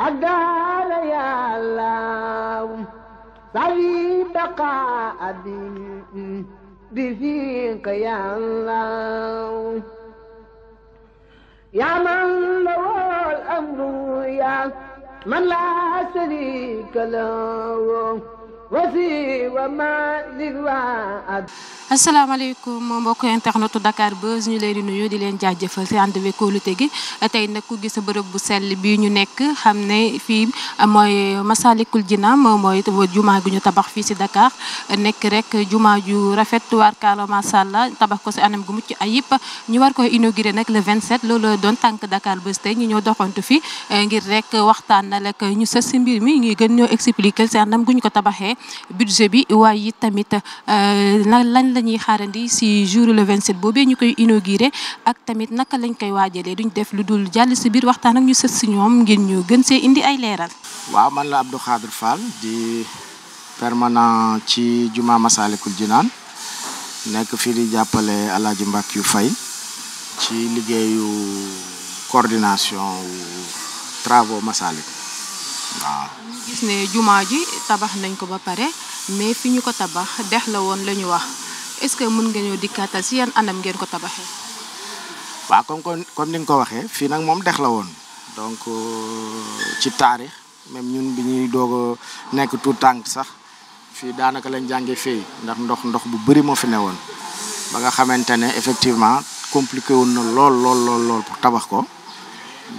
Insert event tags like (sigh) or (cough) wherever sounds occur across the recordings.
أدار يا الله صلي بقاء بفيق يا الله يا من له الأمر يا من لا شريك له asalaamaaleykum mbokk internetu Dakar Buzz ñu leen di nuyu di leen jëfal si ànd bi kóolute gi tey nag ku gis bërëb bu sell bii ñu nekk xam ne fii mooy Masalikul Jinaan mooy jumaa gi ñu tabax fii si Dakar nekk rek jumaa ju rafet warkaala macha allah tabax ko si anam gu mucc ayib ñu war koy inauguré nag le 27 loolu doon tànk Dakar Buzz tey ñu ñoo doxantu fi eh, ngir rek waxtaan na lek ñu sës si mbir mi ñuy gën ñoo expliquer si anam gu ñu ko tabaxee. budget bi waaye it tamit euh, lan lañ la ñuy xaarandi si jour le 27 boobee ñu koy inauguré ak tamit naka lañ koy waajalee duñ def lu dul jàll si biir waxtaan ak ñu sës si ñoom ngir ñu gën see indi ay leeral. waaw man la Abdou Khadre Fall di permanant ci juma Massalikul Jinaan nekk fii di jàppale El Hadj yu Faye ci liggéeyu coordination travaux Massalik. waaw. gis ne jumaa ji tabax nañ ko ba pare mais fi ñu ko tabax dex la woon la ñu wax est-ce que mën nga ñëw dikkaatal si yan anam ngeen ko tabaxee. waaw comme comme ni ko waxee fii nag moom dex la woon donc euh, ci taarix même ñun bi ñuy doog a nekk tout tànk sax fii daanaka lañ jàngee fii ndax ndox ndox bu bëri moo fi ne woon ba nga xamante ne effectivement compliqué woon na lool lool lool lool pour tabax ko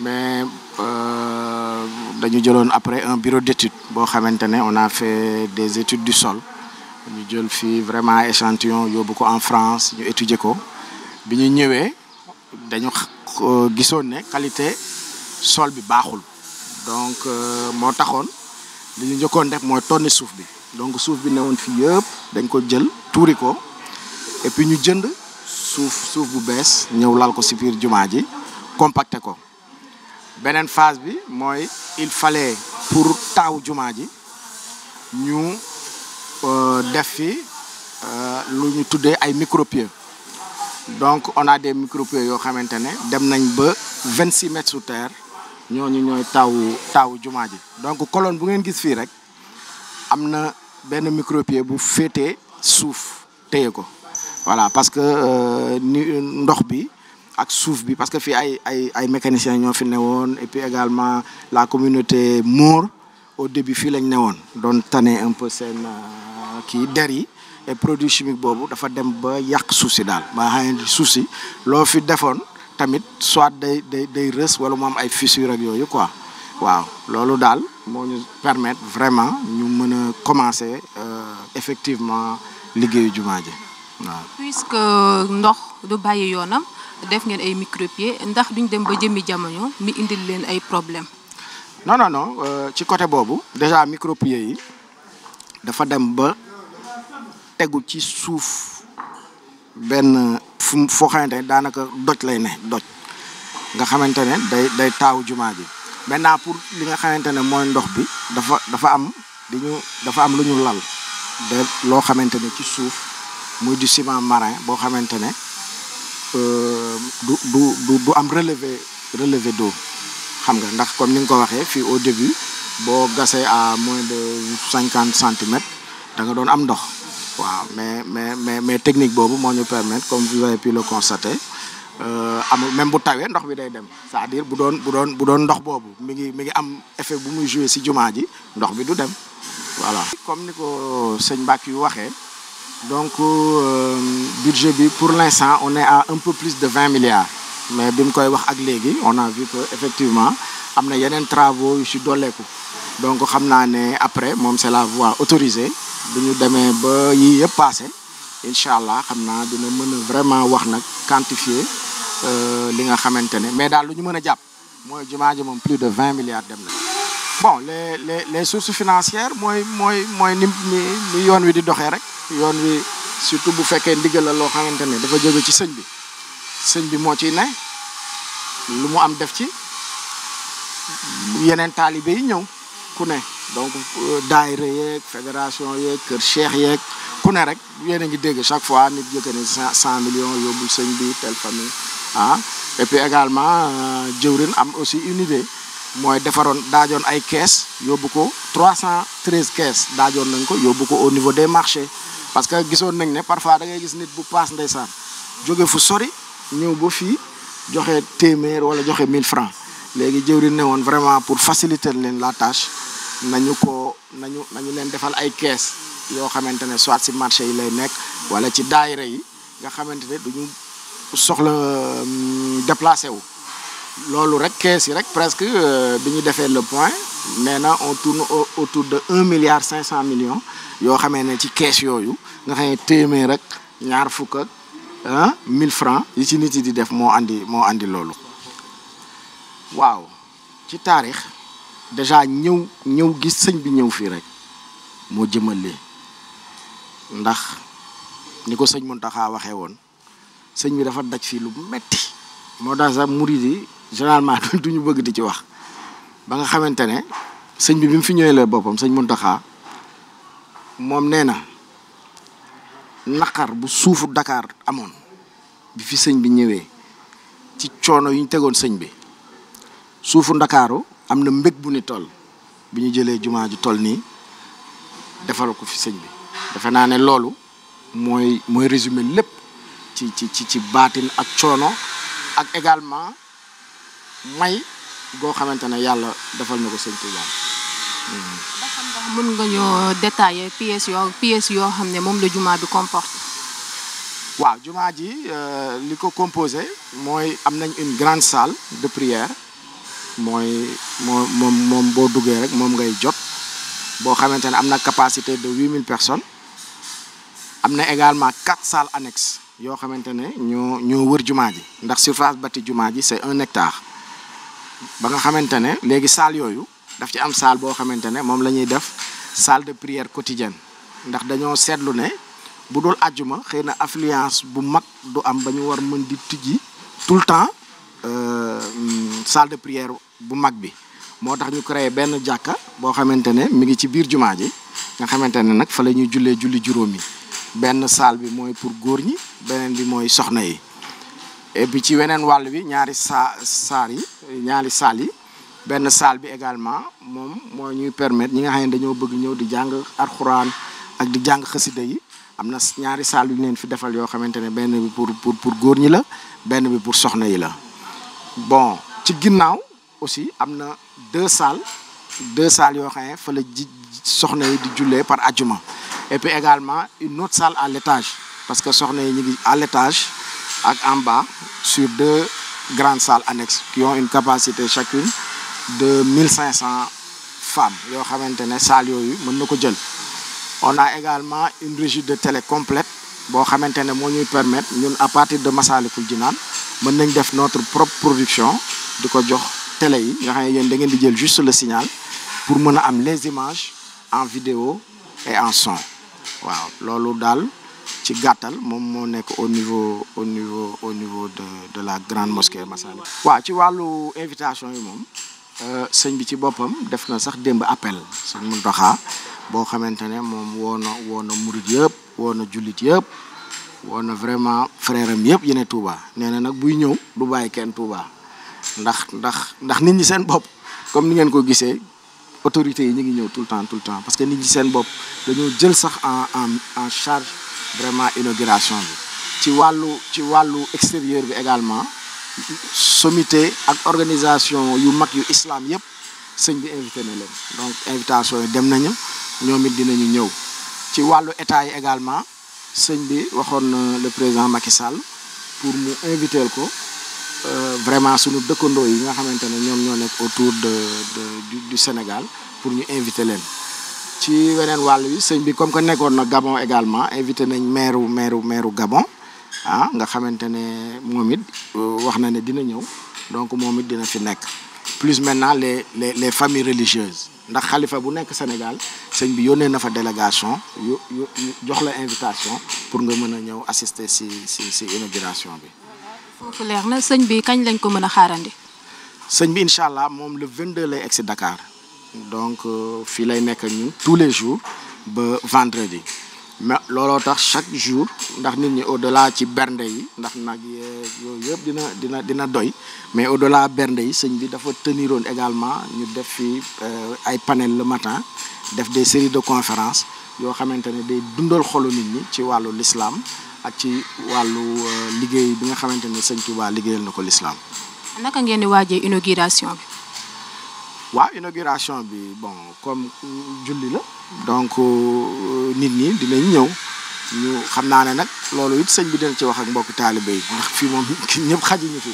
mais. Euh, dañu jëloon après un bureau d'étude boo xamante ne on a fait des études du sol ñu jël fi vraiment échantillon yóbbu ko en France ñu étudier ko bi ñu ñëwee dañu gisoon ne qualité sol bi baaxul donc euh, moo taxoon li ñu njëkkoon def mooy tonni suuf bi donc suuf bi newoon fii yëpp dañ ko jël tuuri ko et ñu jënd suuf suuf bu bees ñëw lal ko si biir jumaa ji compacté ko beneen phase bi mooy il fallait pour taaw jumaa ji ñu euh, def fi euh, lu ñu tuddee ay micropieux donc on a des micropieux yoo xamante ne dem nañ ba vingt six mètres sous terre ñooñu ñooy taawu taawu jumaa ji donc colonne bu ngeen gis fii rek am na benn micropieux bu féetee suuf téye ko voilà parce que euh, ni ndox bi ak suuf bi parce que fii ay ay ay mécaniciens ñoo fi newoon et puis également la communauté Moor au début fii lañ ne woon doon tane un peu seen euh, kii der yi et produit chimique boobu dafa dem ba yàq suuf si daal ba xam suuf si loo fi defoon tamit soit day day day rës wala mu am ay fissure ak yooyu quoi waaw loolu daal moo ñu permettre vraiment ñu mën a commencer euh, effectivement liggéeyu jumaa ji waaw. puisque ndox du bàyyi yoonam. def ngeen ay micropieux ndax duñ dem ba jëmmi jamono mi indil leen ay problème non non non euh, ci côté boobu déjà micropieux yi dafa dem ba tegu ci suuf benn fu foo xamante daanaka doj lay ne doj nga xamante ne day day taaw jumaa bi maintenant pour li nga xamante ne mooy ndox bi dafa dafa am di ñu dafa am lu ñu lal loo xamante ne ci suuf muy du ciment marin boo xamante ne Euh, du du du am relevé relevé d'eau xam nga ndax comme ni nga ko waxee fii au début boo gasee à moins de cinquante centimètres da nga doon am ndox waaw mais mais mais mais technique boobu moo ñu permettre comme vous avez pu le constater euh, amul même bu tawee ndox bi day dem c'est-à-dire bu doon bu doon bu doon ndox boobu mi ngi mi ngi am effet bu muy jouer ci jumaa ji ndox bi du dem voilà. comme ni ko sëñ Mbacke yu waxee. donc euh, budget bi pour l'instant on est à un peu plus de vingt milliards mais bi mu koy wax ak léegi on a vu que effectivement am na yeneen travaux yu si dolleeku donc xam naa ne après moom c'est la voie autorisée bu ñu demee ba yi yëpp passé incha allah xam naa dina mën a vraiment wax nag quantifier euh, li nga xamante ne mais daal lu ñu mën a jàpp mooy jumaa ji moom plus de vingt milliards dem na bon les les les sources financières mooy mooy mooy ni ni yoon wi di doxee rek yoon wi surtout bu fekkee ndigal la loo xamante ne dafa jóge ci sëñ bi sëñ bi moo ciy ne lu mu am def ci yeneen taalibe yi ñëw ku ne donc euh, daayira yeeg fédération yeeg kër cheikh yeeg ku ne rek yéen a ngi dégg chaque fois nit jëkke ne cent millions yóbbul sëñ bi telle famille ah et puis également euh, jëwrin am aussi une mooy defaroon daajoon ay kees yóbbu ko 313 kees daajoon nañ ko yóbbu ko au niveau des marché parce que gisoon nañ ne parfois da gis nit bu paas ndeysaan jóge fu sori ñëw ba fii joxe téeméer wala joxe mille francs léegi jëwriñ ne woon vraiment pour faciliter leen la tâche nañu ko nañu nañu leen defal ay kees yoo xamante ne soit ci marché yi lay nekk wala ci daayira yi nga xamante ne duñu soxla euh, déplacé wu loolu rek kees yi rek presque euh, bi ñu defee le point nee na on tourne autour de un milliard cinq cent millions yoo xamee ne ci kees yooyu nga xam ne téeméer rek ñaar fukk mille francs yi ci nit yi di def moo andi moo andi loolu waaw ci taarix déjà ñëw ñëw gis sëñ bi ñëw fii rek moo jëmale ndax ni ko sëñ mun Mountakha waxe woon sëñ bi dafa daj fii lu metti moo tax sax murid généralement (laughs) du ñu bëgg di ci wax ba nga xamante ne sëñ bi bi mu fi ñëwee la boppam sëñ Muntaxa moom nee na naqar bu suufu ndakaar amoon bi fi sëñ bi ñëwee ci coono yu ñu tegoon sëñ bi suufu ndakaaru am na mbég bu ni toll bu ñu jëlee jumaa ju toll nii defal ko fi sëñ bi defe naa ne loolu mooy mooy résumé lépp ci ci ci ci baatin ak coono ak également may goo xamante ne yàlla defal na ko sëñ Touba. ba xam mën nga ñoo détailler pièces yoo xam ne moom la jumaa bi comporte. waaw jumaa ji euh, li ko composé mooy am nañ une grande salle de prière mooy moom moom boo duggee rek moom ngay jot boo xamante ne am na capacité de huit mille personnes am na également quatre salles annexes yoo xamante ne ñoo ñoo wër jumaa ji ndax surface bâtie jumaa ji c'est un hectare. ba nga xamante ne léegi saal yooyu daf ci am saal boo xamante ne moom la ñuy def salle de prière quotidienne ndax dañoo seetlu ne bu dul àjjuma xëy na affluence bu mag du am ba ñu war mën di tijji tout le temps euh, salle de prière bu mag bi moo tax ñu créé benn jàkka boo xamante ne mi ngi ci biir jumaa ji nga xamante ne nag fa la ñuy jullee julli juróomi benn salle bi mooy pour góor ñi beneen bi mooy soxna yi et ci weneen wàll wi ñaari saa saal yi ñaari saal yi benn saal bi également moom moo ñuy permettre ñi nga xam ne dañoo bëgg ñëw di jàng alxuraan ak di jàng xasida yi am na ñaari saal yu neen fi defal yoo xamante ne benn bi pour pour pour góor ñi la benn bi pour soxna yi la bon ci ginnaaw aussi am na deux salles deux salles yoo xam ne fa la ji soxna yi di jullee par ajuma et puis également une autre salle à l'étage parce que soxna yi ñu ngi à l'étage ak en bas sur deux grandes salles annexes qui ont une capacité chacune de 1500 femmes yoo xamante ne salle yooyu mën na ko jël on a également une régie de télé complète boo xamante ne moo ñuy permettre ñun à partir de massali ji naan mën nañ def notre propre production di ko jox télé yi nga xam ne yéen da ngeen di jël juste le signal pour mën a am les images en vidéo et en son waaw loolu daal ci gàttal moom moo nekk au niveau au niveau au niveau de de la grande mosquée Massaly waa ci wàllu invitation yi moom euh, sëñ bi ci boppam def na sax démb appel sëñ Mountakha boo xamante ne moom woo na woo na murit yëpp woo na jullit yëpp woo na vraiment frère am yëpp yene Touba nee na nag buy ñëw du bàyyi kenn Touba ndax ndax ndax nit ñi seen bopp comme ni ngeen ko gisee autorités yi ñu ngi ñëw tout le temps tout le temps parce que nit ñi seen bopp dañoo jël sax en en en charge vraiment inauguration bi ci wàllu ci wàllu extérieur bi également sommité ak organisation yu mag yu islam yëpp sëñ bi invité na leen donc invitation yi dem nañu ñoom it dinañu ñëw ci wàllu état yi également sëñ bi waxoon na le président Macky Sall pour mu inviteel ko euh, vraiment sunu dëkkandoo yi nga xamante ne ñoom ñoo nekk autour de du Sénégal pour ñu invité leen ci weneen wàll wi sëñ bi comme que nekkoon na Gabon également invité nañ maire maire maire Gabon ah nga xamante ne moom it euh, wax na ne dina ñëw donc moom it dina fi nekk plus maintenant les les les familles religieuses ndax xalifa bu nekk Sénégal sëñ bi yónnee na fa délégation yu yu jox la invitation pour nga mën a ñëw assister si si si inauguration bi. foofu leer na sëñ bi kañ lañ ko mën a xaarandi. sëñ bi incha moom le 22 lay egg si Dakar. donc euh, fii lay nekk ak ñun tous les jours ba vendredi mais looloo tax chaque jour ndax nit ñi au delà ci bernde yi ndax nag yooyu yëpp dina dina dina doy mais au delà bernde yi sëñ bi dafa teniroon également ñu def fi euh, ay panel le matin def des séries de conférences yoo xamante ne day dundal xolu nit ñi ci wàllu l'islam ak ci wàllu euh, liggéey bi nga xamante ne sëñ Touba liggéeyal na ko l'islam. naka ngeen waajee inauguration bi. waaw inauguration bi bon comme julli la donc euh, nit ñi dinañ ñëw ñu xam naa ne nag loolu it sëñ bi dina ci wax ak mbokk taalibe yi ndax fii moom (laughs) ñëpp xajuñu fi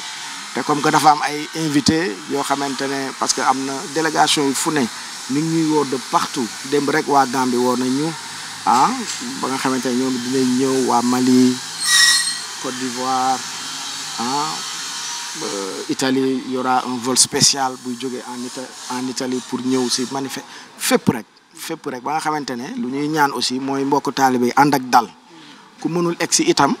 te comme que dafa am ay invité yoo xamante ne parce que am na délégation yu fu ne ñu ngi ñuy woo de partout démb rek waa Gambie woo nañ ñu ah ba nga xamante ne ñoom dinañ ñëw waa Mali Côte d'Ivoire ah Euh, itali y un vol spécial buy jóge en Ita pour ñëw si manifeste fépp rek fépp rek ba nga xamante ne lu ñuy ñaan aussi mooy mbokk taalibe ànd ak dal ku mënul egg si itam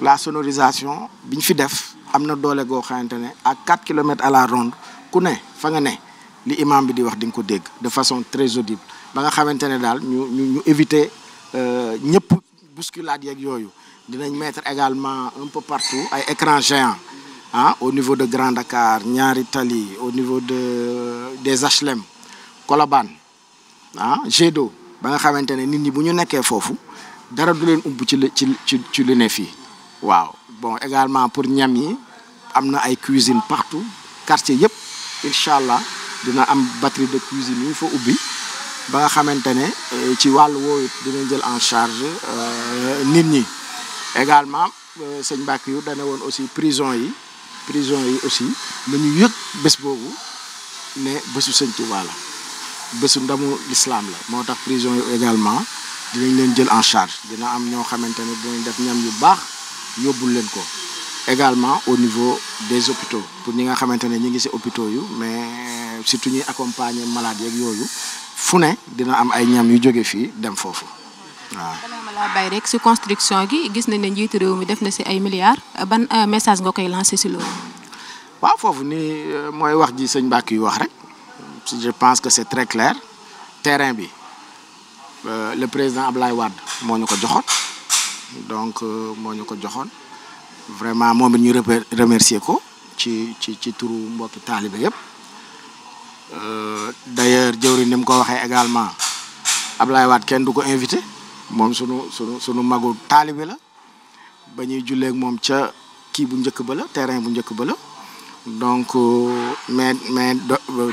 la sonorisation bi ñu fi def am na doole goo xamante ne à 4 kilomètres à la ronde ku ne fa nga ne li imam bi di wax di nga ko dégg de façon très audible ba nga xamante ne daal ñu ñu ñu éviter euh, ñëpp bousculade yeeg yooyu dinañ mettre également un peu partout ay écran ah au niveau de grande Dakar ñaari Tali au niveau de des HLM Colobane ah jet ba nga xamante ne nit ñi bu ñu nekkee foofu dara du leen ubb ci ci ci ci lu ne fii waaw bon également pour ñam yi am na ay cuisine partout quartier yëpp incha allah dina am batterie de cuisine yu fa ubbi ba nga xamante ne euh, ci wàllu woowu dina jël en charge euh, nit ñi également euh, sëñ Mbacke yu dana woon aussi prison yi prison yi aussi lañu yëg bés boobu ne bésu sëñ Tuubaa la bésu ndamu lislaam la moo tax prison yu également dinañ leen jël en charge dina am ñoo xamante ne dinañ def ñam yu baax yóbbul leen ko également au niveau des hôpitaux pour ñi nga xamante ne ñi ngi ci hôpitaux yu mais surtout ñuy accompagner malade yeeg yooyu fu ne dina am ay ñam yu jóge fii dem foofu waaw bala ma laa bàyyi rek si construction gi gis nañ ne njiitu réew mi def na si ay milliards ban euh, message nga koy lancé si loolu. waaw foofu nii euh, mooy wax ji sëñ Mbacke yu wax rek je pense que c'est très clair terrain bi euh, le président Ablaye Wade moo ñu ko joxoon donc moo ñu ko joxoon vraiment moom it ñu remercier ko ci ci ci turu mbokki taalibe yëpp d'ailleurs jëwri ni mu ko waxee également Ablaye Wade kenn du ko invité. moom sunu sunu sunu magu taalibe la ba ñuy jullee moom ca kii bu njëkk ba la terrain bu njëkk ba la donc euh, mais mais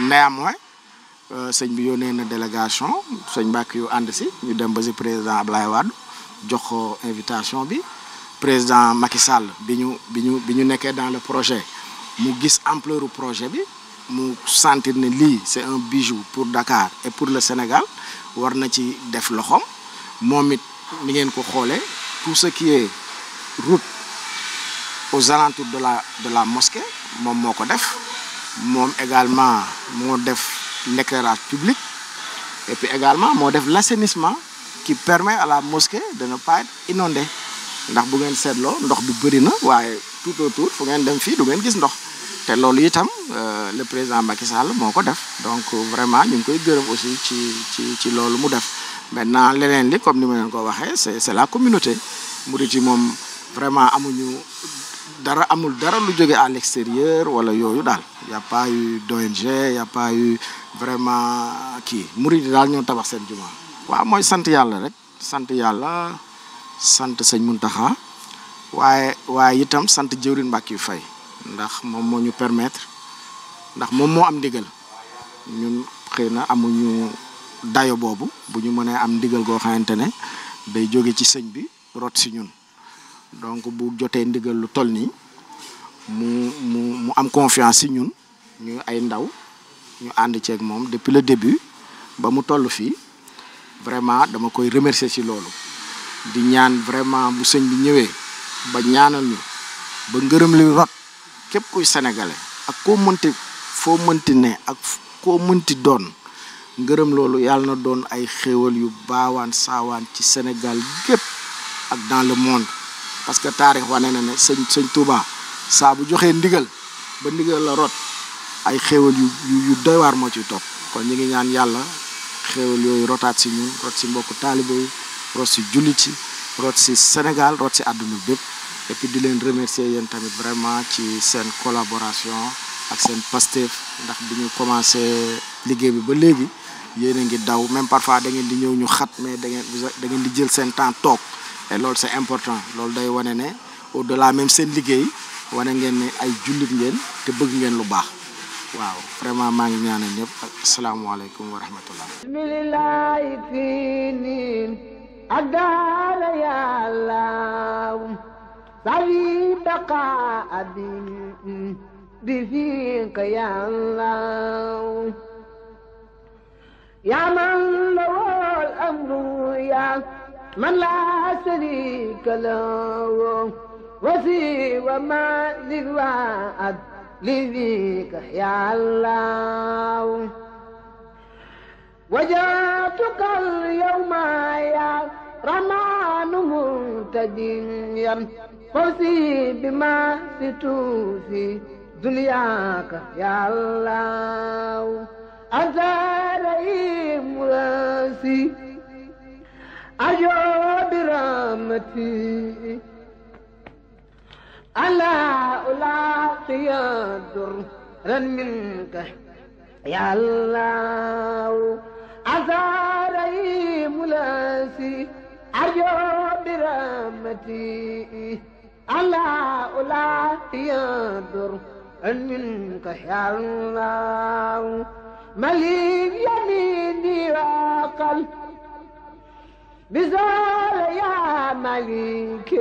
néanmoins euh, sëñ bi yónnee na délégation sëñ Mbàkke yu ànd si ñu dem ba si président Ablaye Wade jox ko invitation bi président Macky Sall bi ñu bi ñu ñu nekkee dans le projet mu gis ampleur projet bi mu sentir ne lii c'est un bijou pour Dakar et pour le Sénégal war na ci def loxoom. moom it ni ngeen ko xoolee tout ce qui est route aux alentours de la de la mosquée moom moo ko def moom également moo def l'éclairage public et également moo def l'assainissement qui permet à la mosquée de ne pas être ndax bu ngeen seetloo ndox bu bëri na waaye tout autour fu ngeen dem fii du ngeen gis ndox te loolu itam euh, le président Macky Sall moo ko def donc vraiment ñu ngi koy gërëm aussi ci ci ci loolu mu def maintenant leneen li comme ni ma leen ko waxee c'est c'est la communauté murit yi moom vraiment amuñu dara amul dara lu jóge à l'extérieur wala yooyu daal y a pas d'ONG y vraiment kii murit yi daal ñoo tabax seen jumaa waa mooy sant yàlla rek sant yàlla sant sëñ taxa waaye waaye itam sant jëwrin Mbàkke Fay ndax moom moo ñu permettre ndax moom moo am ndigal ñun xëy amuñu dayo boobu bu ñu mënee am ndigal goo xamante ne day jóge ci sëñ bi rot si ñun donc bu jotee ndigal lu toll nii mu mu mu am confiance si ñun ñu ay ndaw ñu ànd ceeg moom depuis le début ba mu toll fii vraiment dama koy remercier ci loolu di ñaan vraiment bu sëñ bi ñëwee ba ñaanal ñu ba ngërëm li rot képp kuy sénégalais ak koo mënti foo mënti ne ak koo mënti doon ngërëm loolu yàlla na doon ay xéewal yu baawaan saawaan ci Sénégal gépp ak dans le monde parce que taarix wane na ne sëñ sëñ Touba saa bu joxee ndigal ba ndigal la rot ay xéewal yu yu doy waar moo ciy topp kon ñi ngi ñaan yàlla xéewal yooyu rotaat si ñun rot si mbokku taalibe yi rot si jullit yi rot si Sénégal rot si àdduna bépp et puis di leen remercier yéen tamit vraiment ci seen collaboration ak seen Pastef ndax bi ñu commencé liggéey bi ba léegi yéen ngi daw même parfois da ngeen di ñëw ñu xat mais da ngeen da ngeen di jël seen temps toog et loolu c'est important loolu day wane ne au-delà même seen liggéey wane ngeen ne ay jullit ngeen te bëgg ngeen lu baax waaw vraiment maa ngi ñaanal ñëpp asalaamualeykum wa rahmatullah bismillahi fii niin yaa man lawal amru yaa man laa sharika lahu wasi wa ma lil waad li dhika yaa allah wajatuka alyawma yaa رمان منتديا فوزي بما ستوفي دنياك يا الله أزاري مراسي أجو برامتي ألا ألاقي درا منك يا الله أزاري ملاسي أجو برامتي ألا ألاقي درا منك يا الله مليم يميني وقل بزول يا مليك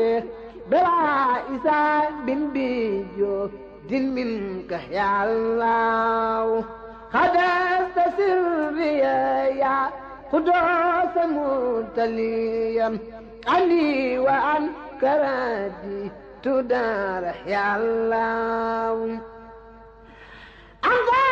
بلا إسان بن بيجو دين منك يا الله خدست سري يا قدوس متليا علي وعن كرادي تدار يا الله أنظر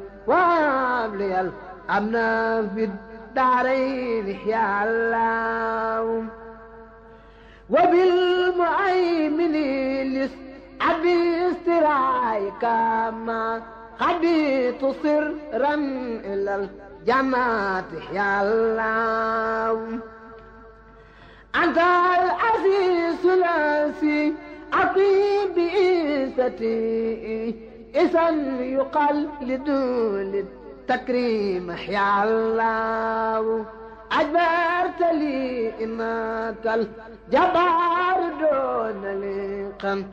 وابلي الأمن في الدارين يا الله وبالمؤمن لس أبي استرايك ما خبيت سرا إلى الجماعة يا الله أنت العزيز الأسي أقيم بإيستي إذا يقال لدول التكريم يا الله أجبرت لي إمات الجبار دون لقم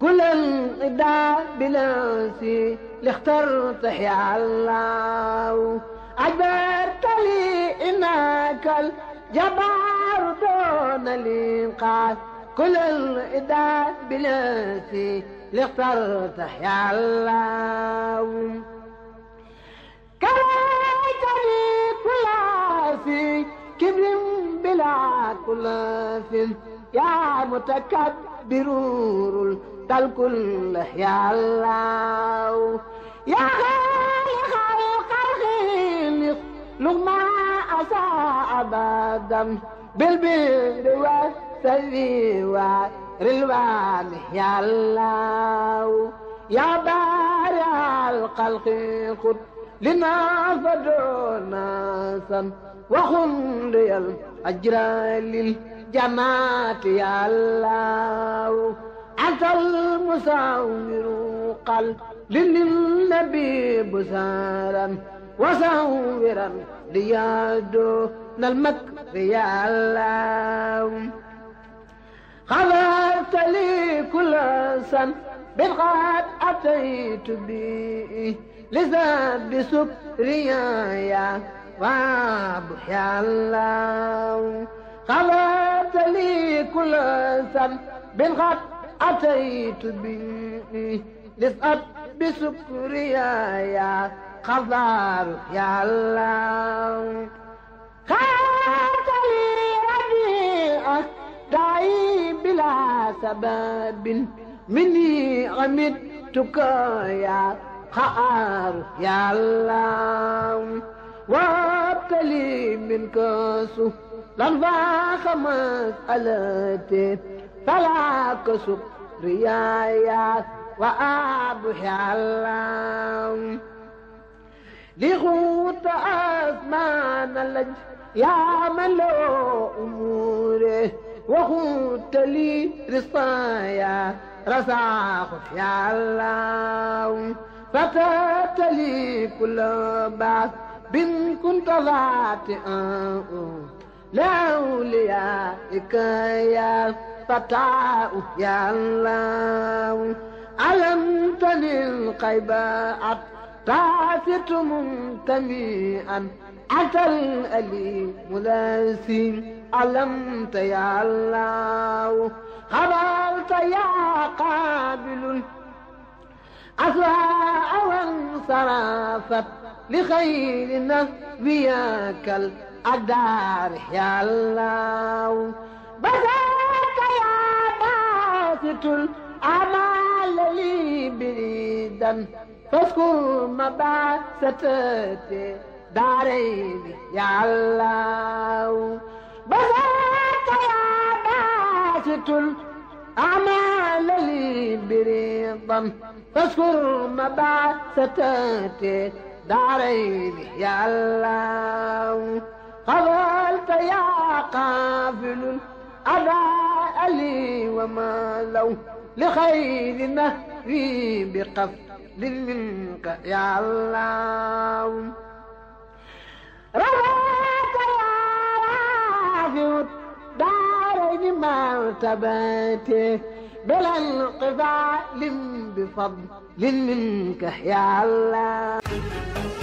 كل انقضاء بلاسي لاخترت يا الله أجبرت لي إنك الجبار دون لقم كل الإداء بلاسي li اخترت يا الله كرهتني كل في كبر بلا كلاف يا متكبر تل كل يا الله يا خالق الخلق لغما أساء أبدا بالبر والسلوى رلوان يا الله يا بارع الخلق خذ لنا فدعونا سن وخن لي الأجر للجنات يا الله أنت المساور قل للنبي بسارا وساورا ليادو نلمك يا الله غفرت لي كل سن بالغاد أتيت به لزاد بسكريا يا غاب يا الله غفرت لي كل سن بالغاد أتيت به لزاد بسكريا يا خضار يا الله على سباب مني عمدتك يا خار يا الله وابتلي منك سهلا فخمس ألتي فلا كسب ريايا وأبحي الله لغوت أزمان اللج يا ملو أموره وخنت لي رصايا رساخ يا الله فتات لي كل بعث بن كنت ذاتئا لأوليائك يا فتاة يا الله علمتني القيبات تعثت منتميئا أتى الأليم لاسين علمت يا الله خبرت يا قابل أسرى وانصرفت لخير نبيك الأقدار يا الله بذلك يا باسط الأمال لي بريدا فاذكر مباستي دارين يا الله بذاك يا باسط الأعمال لي بريضا فاذكر مبعثتي دارين يا الله قبلت يا قافل الأداء لي وما لو لخير نهري بقفل منك يا الله رضا رفيع دارين مرتباتي بلا انقفال بفضل منك يا الله